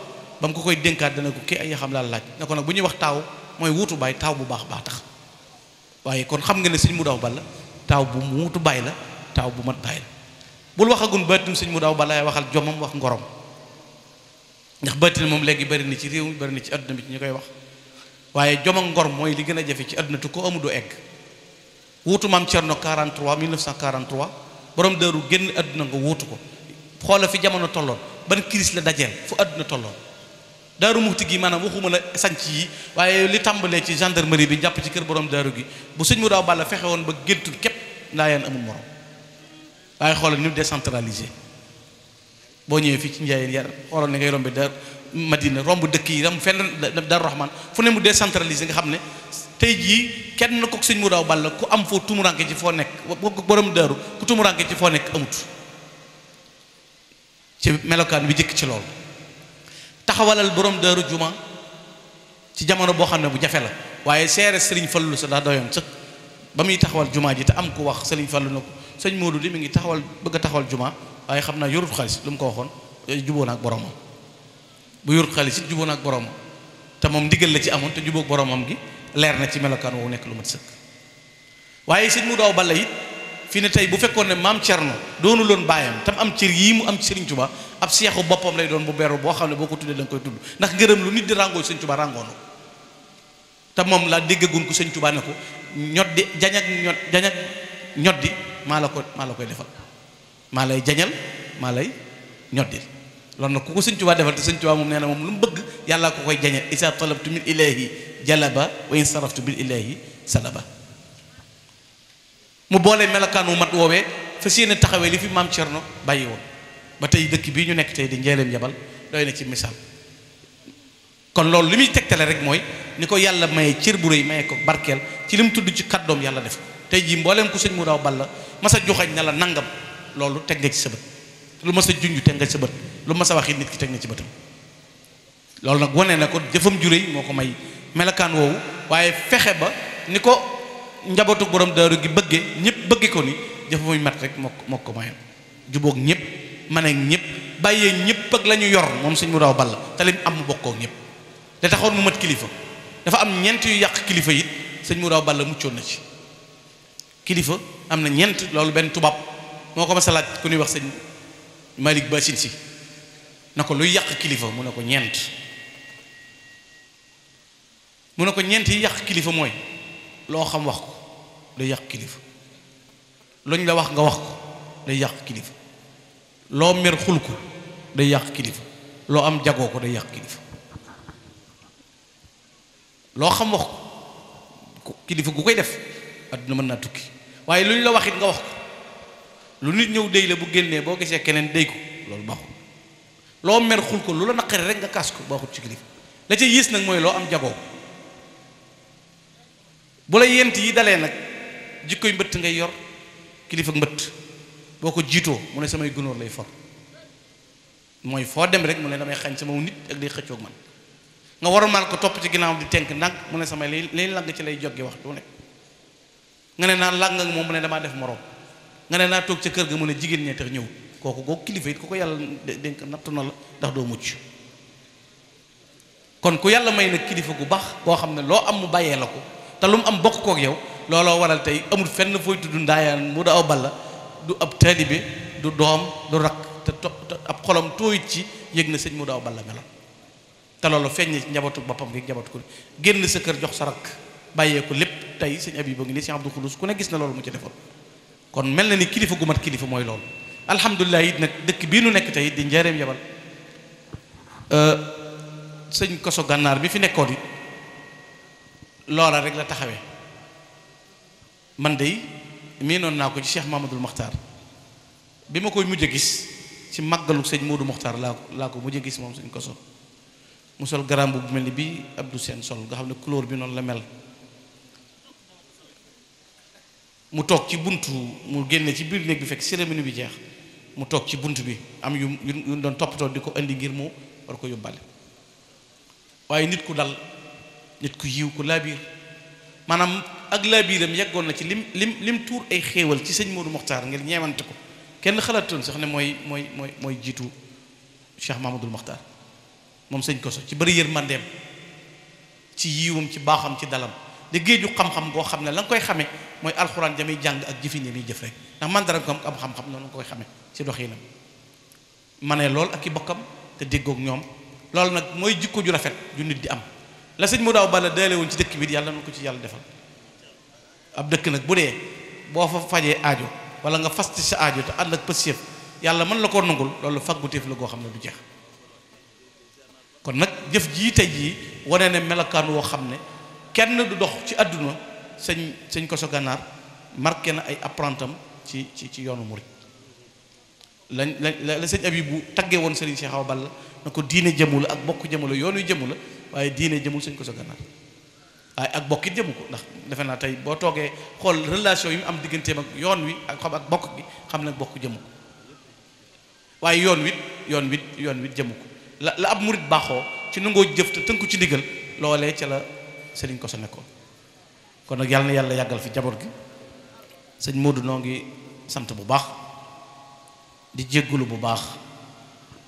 ba mu ko koy dénkaat dana ko kii ay xam laa laaj na ko nag bu ñuy wax taaw mooy wuutu baay taaw bu baax baax tax waaye kon xam nga ne sëñ mu daw balla taaw bu muutu baay la taaw bu mat baay la bul waxagun baatin sëñ mu daw balla ay waxal jomam wax ngorom ndax baatin moom léegi bari na ci réew bari na ci àdduna bi ci ñu koy wax waaye jom ak ngor mooy li gën a jafe ci àdduna tu ko amu du egg wuutu maam Cerno 43 1943 borom dëru génn àdduna nga wuutu ko xoola fi jamono tolloon ban crise la dajeel fu àdduna tolloon daaru muxti gi maanaam waxuma la sanc yi waaye li tàmbalee ci gendarmerie bi jàpp ci kër borom daaru gi bu sëñ mu daaw balla fexe woon ba géntul képp laayeen amul morom waaye xoolal ni décentralisé boo ñëwee fii ci njaayeen yar xoolal ni ngay rombe dar madina romb dëkk yi ram fenn daaru rahman fu ne mu décentralisé nga xam ne tey jii kenn kook sëñ mu daaw balla ku am foo tumuranke ci foo nekk borom daaru ku tumuranke ci foo nekk amut ci melokaan bi jëkk ci lool taxawalal borom daaru juma ci jamono boo xam ne bu jafe la waaye seere sëriñ fallu sa daa doyoon sëkk ba muy taxawal jumaa ji te am ku wax sëriñ fallu na ko sëñ Moodu li mu ngi taxawal bëgg a taxawal juma waaye xam naa yorut xaalis lu mu ko waxoon eh, juboo naag boromam bu yorut xaalis it juboo naag boromam te moom ndigal la ci amoon te jubóog boromam gi leer na ci melokaan woowu nekk lu mat sëkk waaye sëñ Moodu aw balla it fii ne tey bu fekkoon ne maam Cerno doonu loon baayam tam am cër yii mu am ci tuba Touba ab seexu boppam lay doon bu beru boo xam ne boo ko tuddee da koy tudd ndax ngërëm lu nit di ràngoo Serigne Touba ràngoo na moom laa déggagun ko Serigne Touba ne ko ñot di jañ ak ñot jañ maa la ko maa la koy defal maa lay jañal maa lay ñot di loolu nag ku ko Serigne Touba defal te Serigne Touba moom nee na moom lu mu bëgg yàlla ko koy jañal isa talabtu min ilahi jalaba wa in saraftu bil ilahi salaba mu boole melokaan wu mat woowee fas yéene taxawee li fi maam Cerno bàyyi woon ba tey dëkk bii ñu nekk tey di njeeleem njabal doy na ci misaal kon loolu li muy tegtale rek mooy ni ko yàlla maye cër bu rëy maye ko barkeel ci li tudd ci kàddoom yàlla def tey jii mbooleem ku sëñ mu daaw la masa joxañ na la nangam loolu teg nga ci sa lu masa junj teg nga ci sa bët lu masa waxi nit ki teg na ci bëtam loolu nag wane na ko jëfam ju moo ko may melokaan woowu waaye fexe ba ni ko njabootu borom daaru gi bëgge ñëpp bëgge ko ni jëf muy mat rek mokk ko moo ko mayam jubóog ñëpp man ak ñëpp bàyyee ñëpp ak la ñu yor moom sëñ mu daaw ball te am mu bokkoog ñëpp da taxoon mu mat kilifa dafa am ñeent yu yàq kilifa it sëñ mu daaw ball muccoon na ci kilifa am na ñeent loolu benn tubaab moo ko mas a wax sëñ Malick Basin si na ko luy yàq kilifa mu ne ko ñeent mu ne ko ñeent yi yàq kilifa mooy loo xam wax ko day yàq kilifa luñ la wax nga wax ko day yàq kilifa loo mer xul ko day yàq kilifa loo am jagoo ko day yàq kilifa loo xam wax ko kilifa gu koy def adduna mën naa tukki waaye luñ la wax nga wax ko lu nit ñëw déy la bu génnee boo gisee keneen déy ko loolu baaxul loo mer xul ko lu la naqari rek nga kaas ko baaxut ci kilifa la ca yées nag mooy loo am jagoo bu la yent yi dalee nag jikkoy mbëtt ngay yor kilifa mbëtt boo ko jiitoo mu ne samay gunóor lay for mooy foo dem rek mu ne damay xañ sama nit ak day xëccoog man nga warmaal ko topp ci ginnaaw di tenk nag mu ne samay lay lay lang ci lay joggi waxtu nekk nga ne naa làng moom mu ne damaa def moroom nga ne naa toog ca kër ga mu ne jigéen ñee tax ñëw kooku kooku kilifa it ku ko yàlla dénk nattu na la ndax doo mucc kon ku yàlla may nag kilifa gu baax koo xam ne loo am mu bàyyee la ko te lu mu am bokk yow looloo waral tey amul fenn fooy tudd ndaayaan mu da aw balla du ab taalibe du doom du rakk te ab xolom tooyit ci yëg na sëñ mu da aw balla meloon te loolu feeñ ci njabootu boppam gi njabootu ko génn sa kër jox sa rakk bàyyee ko tey sëñ abi ba ngi nii ku ne gis na loolu mu ci defoon kon mel na ni kilifa gu mat kilifa mooy loolu alhamdulilah it nag dëkk bii nu nekk tey di njareem yabal euh, sëñ koso gànnaar bi fi nekkoon it loola rek la taxawee man de miinoon naa ko ci Cheikh Mamadou Mokhtar bi ma koy mujj gis ci màggalu sëñ Modou Mokhtar laa ko laa ko gis moom sëñ Koso mu sol garam bu mel ni bii Abdou Seen sol nga xam ne couleur bi noonu la mel mu toog ci bunt mu génne ci biir néeg bi fekk cérémonie bi jeex mu toog ci bunt bi am yu yu doon toppatoo di ko indi ngir mu war ko yóbbale waaye nit ku dal nit ku yiw ku laabiir maanaam ak laabiiram yeggoon na ci lim lim lim tuur ay xéewal ci sëñ Modou Mokhtar ngir ñeewante ko kenn xalaatoon sax ne mooy mooy mooy mooy jiitu Cheikh Mahmadul Mokhtar moom sëñ ko Koso ci bari bëri yërmandeem ci yiiwam ci baaxam ci dalam de géeju xam-xam boo xam ne la koy xamee mooy alxuraan jamay jàng ak jëfin yamiy jëf rek ndax mandara ko am noonu koy xamee ci doxinam ma ne lool ak i bokkam te déggoog ñoom loolu nag mooy jikko ju rafet ju nit di am la sëñ Modou Awa Balla daale woon ci dëkk bi yàlla na ko ci yàlla defal ab dëkk nag bu dee boo fa fajee aajo wala nga fas sa aajo te ànd ak pësiyëf yàlla mën la koo nangul loolu fagguteef la goo xam ne du jeex kon nag jëf jii te jii wane ne melokaan woo xam ne kenn du dox ci àdduna sëñ sëñ Koso Gànnaar marqué na ay apprentam ci ci ci yoonu murit lañ la la sëñ bu tagge woon Sëriñ Cheikh Awa la na ko diine jëmu la ak bokk jëmu la yoonu jëmu la waaye diine jëmul sëñ Koso Gànnaar waaye ak bokk it jëmu ko ndax defe naa tey boo toogee xool relation yi mu am digganteem ak yoon wi ak xam ak bokk bi xam ne bokk jëmu ko waaye yoon wit yoon wit yoon wit jëmu ko la la ab murit baaxoo ci nangoo jëf te tënku ci ndigal loolee ca la sëriñ ko sa nekkoon kon nag yàlla yàlla yàggal fi jaboot gi sëñ Modou noo ngi sant bu baax di jéggulu bu baax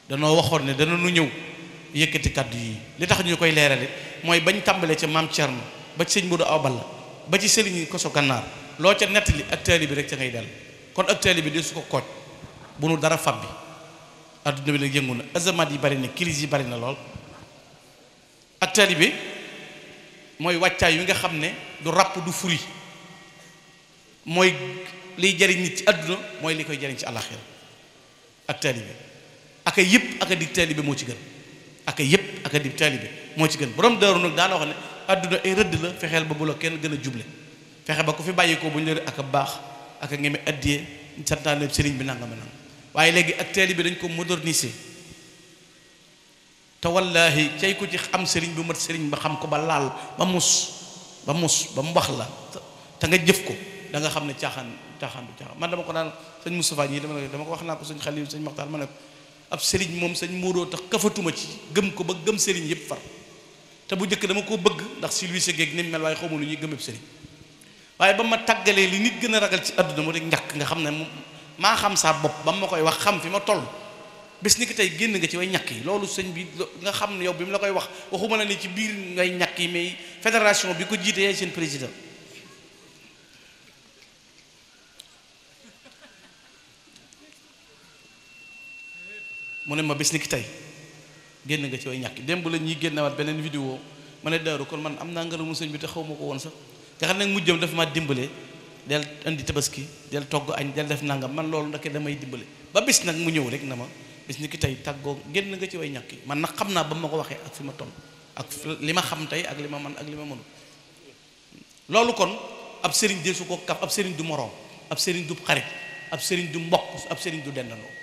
danoo waxoon ne dana ñëw yëkkati kàddu yi li tax ñu koy leerale mooy bañ tàmbalee ca maam Thierno ba ci sëñ Modou Awa Balla ba ci sëriñ koso gànnaar loo ca nettali ak taali bi rek ca ngay dell kon ak taali de su ko kooj bu nu dara fab bi adduna bi nag yëngu na azamat yi bari ne crise yi bari na lool ak taali bi mooy wàccaay yi nga xam ne du ràpp du furi mooy liy jariñ nit ci àdduna mooy li koy jariñ ci àlaxira ak taali bi aka yëpp aka dig taali bi moo ci gën aka yëpp aka dig taali bi moo ci gën borom daaru nag daana wax ne àdduna ay rëdd la fexeel ba bu la kenn gën a juble fexe ba ku fi bàyyi ko bu ñu la ak a baax ak a ngeme addiyee santaane sëriñ bi nangam nangam waaye léegi ak teel bi dañ ko moderniser te wallaahi cay ku ci am sëriñ bu mat sëriñ ba xam ko ba laal ba ba mus ba mu wax la te nga jëf ko da xam ne caaxaan caaxaan du caaxaan man dama ko naan sëñ Moustapha ñii dama dama ko wax naa ko sëñ Xalil sëñ Maxtaar ma ne ko ab sëriñ moom sëñ Moodoo tax këfatuma ci gëm ko ba gëm sëriñ yëpp far te bu njëkk dama koo bëgg ndax silvise géeg ni mel waaye ma lu ñuy gëmëb sëriñ waaye ba ma tàggalee li nit gën a ragal ci àdduna moo di ñàkk nga xam ne maa xam saa bopp ba ma koy wax xam fi ma toll bés ni ki tey génn nga ci way ñàkk yi loolu sëñ bi nga xam ne yow bi mu la koy wax waxuma la ne ci biir ngay ñàkk yi mais fédération bi ko jiite yaay seen président mu ne ma bés ni ki tey génn nga ci way ñàkk démb la ñuy génnewaat beneen vidéo ma ne daaru kon man am naa ngërëmu sëñ bi te xaw ma ko woon sax nga xam ne mujjam dafa maa dimbale del indi tabaski del togg añ del def nangam man loolu ndake damay dimbale ba bis nag mu ñëw rek na ma bis ni ki tey tàggoo génn nga ci way ñàkk yi man nag xam naa ba ma ko waxee ak fi ma toll ak li ma xam tey ak li ma man ak li ma mënul loolu kon ab sëriñ de su ko kaf ab sëriñ du moroom ab sëriñ du xarit ab sëriñ du mbokk ab sëriñ du dendandoo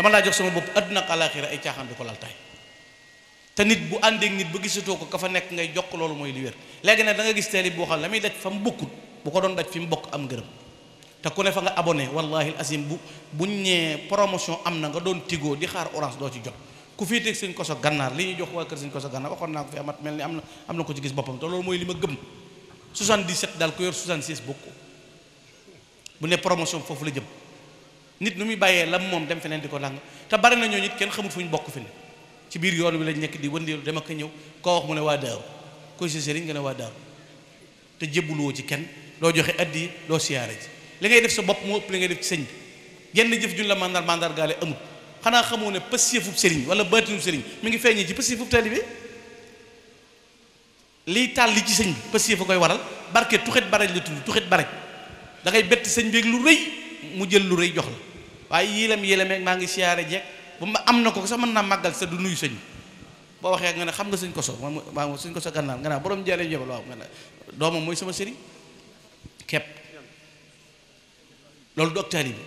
dama laa jox sama bopp àdduna ak alaaxira ay caaxaan du ko lal tay te nit bu àndeek nit ba gisatoo ko ka fa nekk ngay jox loolu mooy li wér léegi nag da nga gis teel boo xam la muy daj fa mu bokkut bu ko doon daj fi mu bokk am ngërëm te ku ne fa nga abonné wallahi asim bu buñ ñee promotion am na nga doon tigoo di xaar orange doo ci jot ku fii teg suñ koso gànnaar li ñu jox waa kër suñ koso gànnaar waxoon naa ko fi amat mel ni am na am na ko ci gis boppam te loolu mooy li ma gëm 77 daal ku yor 76 bokk bu ne promotion foofu la jëm nit nu muy bàyyee lam moom dem feneen di ko làng te bari na ñoo nit kenn xamul fu ñu bokk fi ne ci biir yoon wi lañ ñekk di wëndeelu dem ak ñëw koo wax mu ne waa daaru koy sa sëriñ nga ne waa daaru te jébbuloo ci kenn doo joxe addi doo siyaare ji ngay def sa bopp moo li ngay def ci sëñ bi genn jëf juñ la mandar mandar gaale amul xanaa xamoo ne pësiyëfub sëriñ wala baatinub sëriñ mi ngi feeñee ci pësiyëfub taalibe liy taal li ci sëñ bi pësiyëf koy waral barke tuxit baraj la tudd tuxit baraj da ngay bett sëñ bi ak lu rëy mu jël lu rëy jox la waaye yilam yilameeg maa ngi siyaare jeeg bu ma am na ko sax mën naa màggal sa du nuyu sëñ boo waxee nga ne xam nga sëñ koso waaw sëñ koso gànnaar nga naa ah borom jaale jobal waaw nga ne doomam mooy sama sëriñ kepp loolu du ak taalibe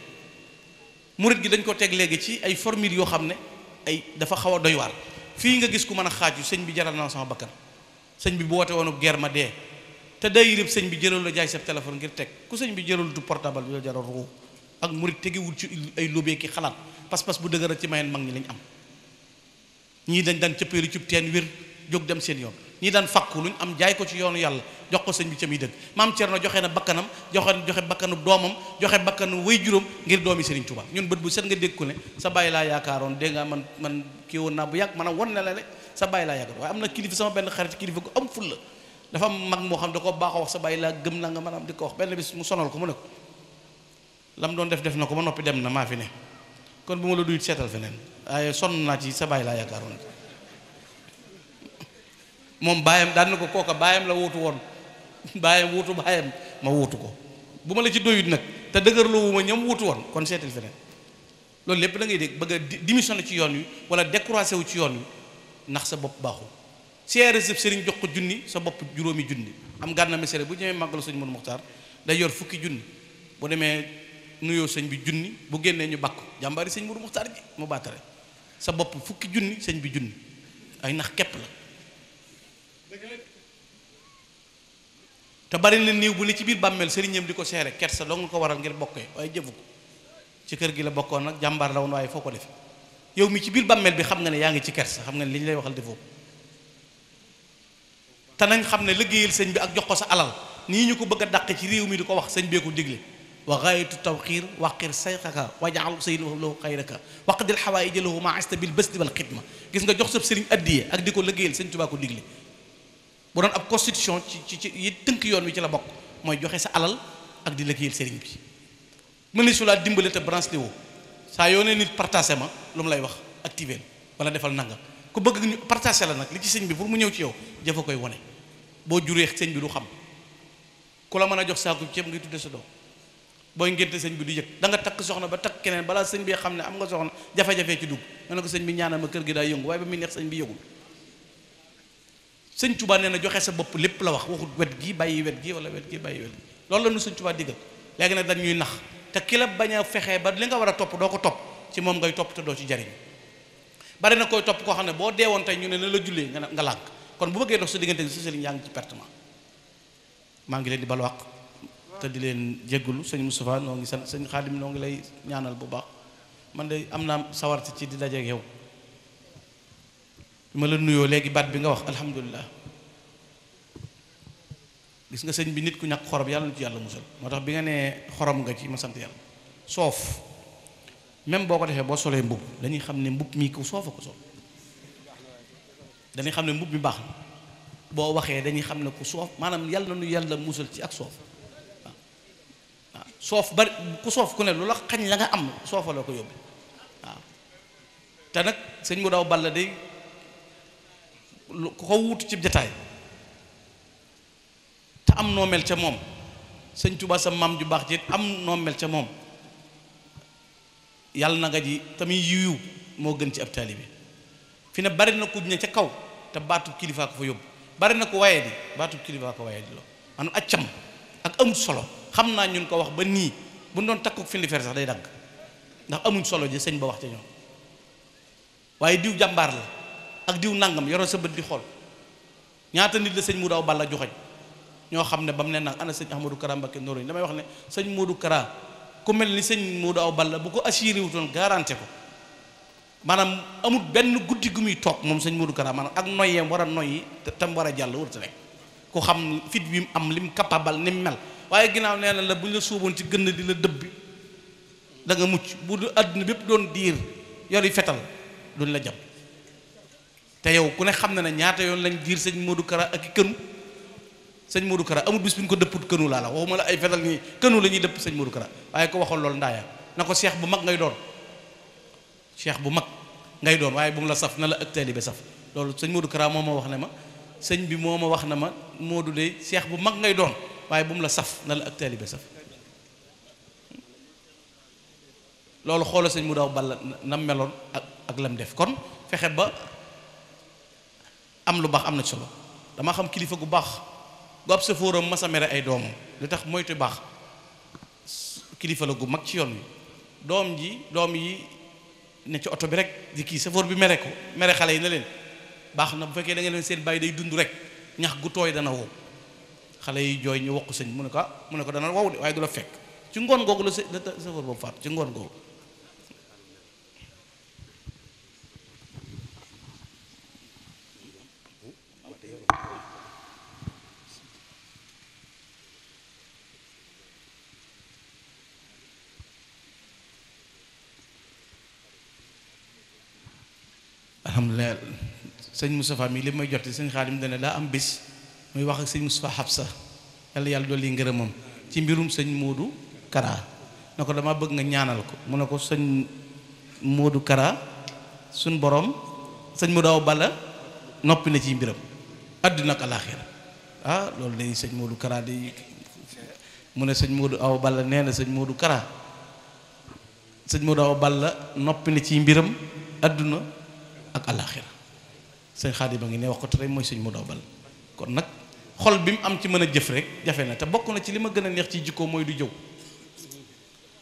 murit dañ ko teg léegi ci ay formule yoo xam ne ay dafa xaw a doy waal fii nga gis ku mën a xaaju sëñ bi jaral naa sama bakkan sëñ bi bu woote woonu guerre ma dee te day yërëb sëñ bi jëlal la jaay sa téléphone ngir teg ku sëñ bi jëral du portable bi la jaral ruu ak murit tegewul ci ay lóbee ki xalaat pas-pas bu dëgëral ci mayeen mag ñi lañ am ñii dañ daan cëppeelu cib teen wér jóg dem seen yoon ñii daan fàkku luñ am jaay ko ci yoonu yàlla jox ko sëñ bi ca muy dëgg maam Cerno joxe na bakkanam joxe joxe bakkanu doomam joxe bakkanu way juróom ngir doomi Sëriñ Tuubaa ñun bët bu set nga dégg ko ne sa bàyyi laa yaakaaroon dégg nga man man kii woon naa bu yàgg maanaam won na la le sa bàyyi laa yaakaar waaye am na kilifa sama benn xarit kilifa gu am fulla moo xam da ko baaxoo wax sa bàyyi laa gëm na nga maanaam di ko wax benn bis mu ko mu ne lam doon def def na ko ba noppi dem na maa fi ne kon bu ma la duyut seetal feneen waaye sonn naa ci sa baay laa yaakaaroon moom baayam daan na ko kooka baayam la wootu woon baayam wuutu baayam ma wuutu ko bu ma la ci doyut nag te dëgërloowu ma ñam wuutu woon kon seetal feneen loolu lépp da ngay dégg bëgg a démissionné ci yoon wi wala décroisé wu ci yoon wi ndax sa bopp baaxul CRS sëriñ jox ko junni sa bopp juróomi junni am gànna mesere bu ñëwee màggal suñu mën muxtaar day yor fukki junni nuyoo sëñ bi junni bu génnee ñu bakk jàmbar sëñ Mourou Muxtaar mu baatare sa bopp fukki junni sëñ bi junni ay nax képp la te bari na néew bu ne ci biir bàmmeel sëriñam di ko seere kersa nga ko waral ngir bokkee waaye jëfu ko ci kër gi la bokkoon nag jàmbaar la woon waaye foo ko def yow mi ci biir bàmmeel bi xam nga ne yaa ngi ci kersa xam nga ne li ñu lay waxal defoo te nañ xam ne liggéeyal sëñ bi ak jox ko sa alal nii ñu ko bëgg daq ci réew mi di ko wax sëñ bee ko digle wa gaayatu tawxiir waqir sayxaka wajaal sayluhu lahu xayraka waqdil xawaaija lahu ma asta bil basdi wal xidma gis nga jox sab sëriñ addiye ak di ko liggéeyal sëñ Tuubaa ko bu doon ab constitution ci ci ci yi tënk yoon wi ci la bokk mooy joxe sa ak di liggéeyal sëriñ bi mën ni su laa dimbale te branche li woo saa yoonee nit partagé ma lu mu lay wax activé wala defal nangam ku bëgg ñu partagé la nag li ci sëñ bi pour mu ñëw ci yow jëfa koy wone boo juree sëñ bi du xam ku la mën a jox saaku ceeb ngi tudde sa doom booy ngénte sëñ bi du yëg danga nga takk soxna ba takk keneen balaa sëñ bi xam ne am nga soxna jafe-jafe ci dugg nga ne ko sëñ bi ñaanal ma kër gi daa yëngu waaye ba muy neex sëñ bi yëgul sëñ Tuubaa nee na joxe sa bopp lépp la wax waxut wet gi bàyyi wet gi wala wet gi bàyyi wet gi loolu la nu sëñ Tuubaa diggal léegi nag ñuy nax te ki la bañ a fexe ba li nga war a topp doo ko topp ci moom ngay topp te doo ci jariñ bari na koy topp koo xam ne boo deewoon tey ñu ne na la jullee nga nga lànk kon bu bëggee dox sa diggante si sëriñ yaa ngi ci pertement maa ngi leen di baluwaq te di leen jéggalu sëñ Moustapha noo ngi sant sëñ Xaadim noo ngi lay ñaanal bu baax man de am naa sawarte ci di dajeeg yow ma la nuyoo léegi baat bi nga wax alhamdulilah gis nga sëñ bi nit ku ñàkk xorom yàlla na ci yàlla musal moo tax bi nga nee xorom nga ci ma sant yàlla soof même boo ko defee boo solee mbubb dañuy xam ne mbubb mii ko soofa ko sol dañuy xam ne mbubb mi baax na boo waxee dañuy xam ne ku soof maanaam yàlla na nu yàlla musal ci ak soof soof bari ku soof ku ne lu la xañ la nga am soofa la ko yóbbu waaw te nag sëñ mu daw balla day lu ku ko wuutu ci jataay te am noo ca moom sëñ Tuubaa maam ju baax ji am noo ca moom yàlla na nga ji tamit yiw moo gën ci ab taalibe fi ne bari na ku ne ca kaw te baatub kilifaa ko fa yóbbu bari na ko waaye di baatub kilifaa ko waaye di loo maanaam accam ak amut solo xam naa ñun ko wax ba nii bu ñu doon takkuk filifeer sax day dagg ndax amuñ solo ji sëñ ba wax ca ñoom waaye diw jàmbaar la ak diw nangam yoro sa bët di xool ñaata nit la sëñ mu daaw balla joxoñ ñoo xam ne ba mu ne nag ana sëñ Ahmadou Kara Mbacké Noreyni damay wax ne sëñ Modou Kara ku mel ni sëñ Modou Aw Balla bu ko assuré wutoon garanté ko maanaam amut benn guddi gu muy toog moom sëñ Modou Kara maanaam ak noyyeem war a noyyi tam war a jàll wërta rek xam fit bi mu am lim capable ni mu mel waaye ginnaaw nee na la bu ñu la suuboon ci gën di la dëbbi da nga mucc bu du àdduna bépp doon diir yor yi fetal duñ la jàpp te yow ku ne xam na ne ñaata yoon lañ diir sëñ Modou Kara ak i kënu sëñ Modou Kara amul bis bu ñu ko dëpput kënu laa la waxuma la ay fetal nii kënu la ñuy dëpp sëñ Modou Kara waaye ko waxoon loolu ndaaya na ko seex bu mag ngay doon seex bu mag ngay doon waaye bu mu la saf na la ak taalibe saf loolu sëñ Modou Kara moo wax ne ma sëñ bi moo ma wax na ma Modou de seex bu mag ngay doon waaye bu mu la saf na la ak taalibe saf loolu xoolal sëñ mu daw balla nam meloon ak ak lam def kon fexe ba am lu baax am na solo dama xam kilifa gu baax gu ab ma masa mere ay doomam lu tax moytu baax kilifa la gu mag ci yoon wi doom ji doom yi ne ci oto bi rek di kii safóor bi mere ko mere xale yi na leen baax na bu fekkee da nga leen seen bàyyi day dund rek ñax gu tooy dana wow xale yi jooy ñu wokk sëñ mu ne ko ah mu ne ko dana wow de waaye du la fekk ci ngoon googu la sa la safar boobu faatu ci ngoon googu alhamdulilah sëñ Moustapha mi li may jot ci sëñ Xaadim dana laa am bis muy wax ak sëñ Moustapha Habsa yàlla yàlla dolli ngërëmam ci mbirum sëñ Modou Kara na ko dama bëgg nga ñaanal ko mu ne ko sëñ Modou Kara suñ borom sëñ Modou Awa Balla noppi ci mbiram àdduna ak alaaxira ah sëñ Modou Kara ne sëñ Modou aw Balla nee na sëñ Modou Kara sëñ Modou Awa Balla noppi na ci mbiram àdduna ak alaaxira sëñ Xaadim ngi ne wax ko te tey mooy sëñ Modou Awa Balla kon nag xol bi mu am ci mën a jëf rek jafe na te bokk na ci li ma gën a neex ci jikko mooy du jëw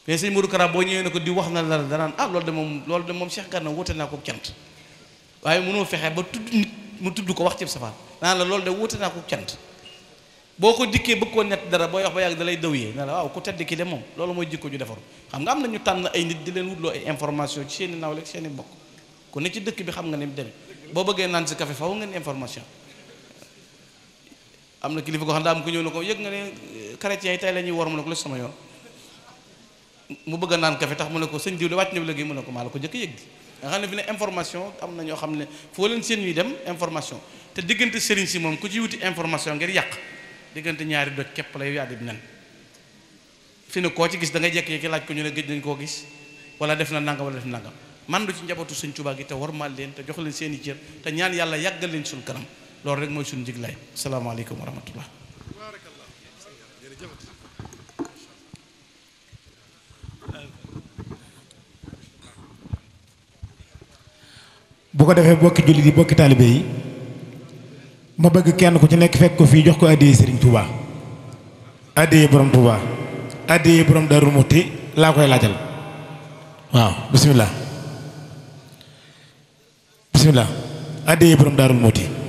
mais sëñ Modou Kara boo ñëwee ne ko di wax na la danaan ah lool de moom loolu de moom Cheikh Gana wute naa ko cant waaye mënoo fexe ba tudd mu tudd ko wax ci safaan danaan la loolu de woote naa ko cant boo ko dikkee bëgg koo nett dara booy wax ba yàgg da lay dawyee ne moom loolu mooy jikko ju defaru xam nga am na ñu tànn ay nit di leen wutloo information ci seeni nawle ak seeni bokk ku ne ci dëkk bi xam nga ni mu demee boo bëggee naan si café faw ngeen information am na kilifa ko xam daa am ko ñëw na ko yëg nga ne eh, chrétien yi tey la ñuy war mu ne ko lu sama yoon mu bëgg a naan kafe tax mu ne ko sëñ diw de wàcc na léegi mu ne ko maa la ko jëkk yëg di nga xam ne fi ne information am na ñoo xam ne foo leen seen ñuy dem information te diggante sëriñ si moom ku ci wuti information ngir yàq diggante ñaari doj képp lay yàddi bi nen fi koo ci gis da ngay jekk-jekki laaj ko ñu ne gëj nañ koo gis wala def na nangam wala def nangam man du ci njabootu sëñ Tuubaa gi te war maa leen te jox leen seen i cër te ñaan yàlla yàggal leen suñu loolu rek mooy suñu njiglaay salaamaaleykum wa rahmatullah ko defee bokki jullit yi bokki taalibe yi ma bëgg kenn ku ci nekk fekk ko fii jox ko addiyee Serigne Touba addiyee borom Touba addiyee borom Darou Mouhty laa koy laajal waaw bismillah bismillah addiyee borom Darou Mouhty